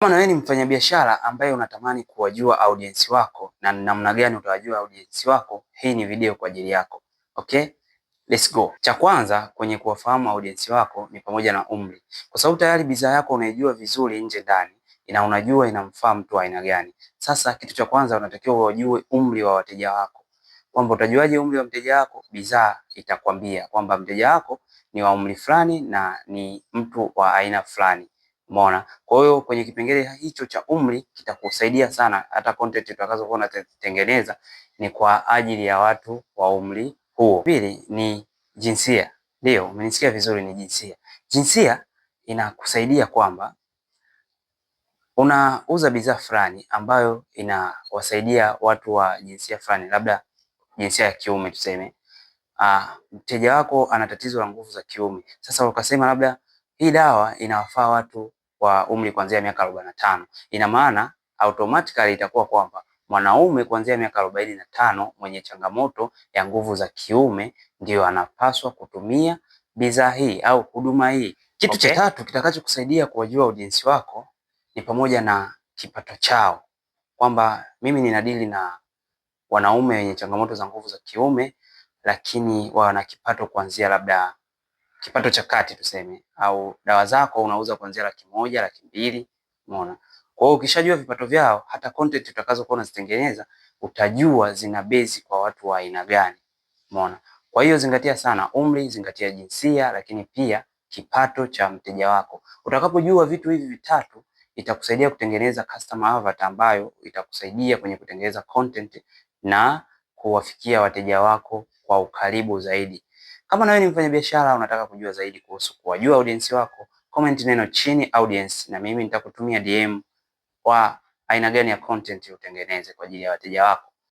Kama na wewe ni mfanyabiashara ambaye unatamani kuwajua audience wako na namna gani utawajua audience wako, hii ni video kwa ajili yako. Okay? Let's go. Cha kwanza kwenye kuwafahamu audience wako ni pamoja na umri, kwa sababu tayari bidhaa yako unaijua vizuri nje ndani, ina unajua inamfaa mtu aina gani. Sasa kitu cha kwanza unatakiwa uwajue umri wa wateja wako, kwamba utajuaje umri wa mteja wako? Bidhaa itakwambia kwamba mteja wako ni wa umri fulani na ni mtu wa aina fulani. Umeona? Kwa hiyo kwenye kipengele hicho cha umri kitakusaidia sana, hata content tutakazokuwa unatengeneza ni kwa ajili ya watu wa umri huo. Pili ni jinsia. Ndio, umenisikia vizuri, ni jinsia. Jinsia inakusaidia kwamba unauza bidhaa fulani ambayo inawasaidia watu wa jinsia fulani, labda jinsia ya kiume tuseme. Ah, mteja wako ana tatizo la nguvu za kiume. Sasa ukasema labda hii dawa inawafaa watu kwa umri kuanzia miaka 45. na tano. Ina maana automatically itakuwa kwamba mwanaume kuanzia miaka arobaini na tano mwenye changamoto ya nguvu za kiume ndiyo anapaswa kutumia bidhaa hii au huduma hii. Kitu okay, cha tatu kitakachokusaidia kuwajua audiensi wako ni pamoja na kipato chao, kwamba mimi ninadili na wanaume wenye changamoto za nguvu za kiume, lakini wana kipato kuanzia labda kipato cha kati tuseme, au dawa zako unauza kuanzia laki moja laki mbili umeona. Kwa hiyo ukishajua vipato vyao, hata content utakazokuwa unazitengeneza utajua zina base kwa watu wa aina gani, umeona. Kwa hiyo zingatia sana umri, zingatia jinsia, lakini pia kipato cha mteja wako. Utakapojua vitu hivi vitatu itakusaidia kutengeneza customer avatar ambayo itakusaidia kwenye kutengeneza content na kuwafikia wateja wako kwa ukaribu zaidi. Kama nawe ni mfanyabiashara unataka kujua zaidi kuhusu kuwajua audience wako, comment neno chini audience, na mimi nitakutumia DM kwa aina gani ya content utengeneze kwa ajili ya wateja wako.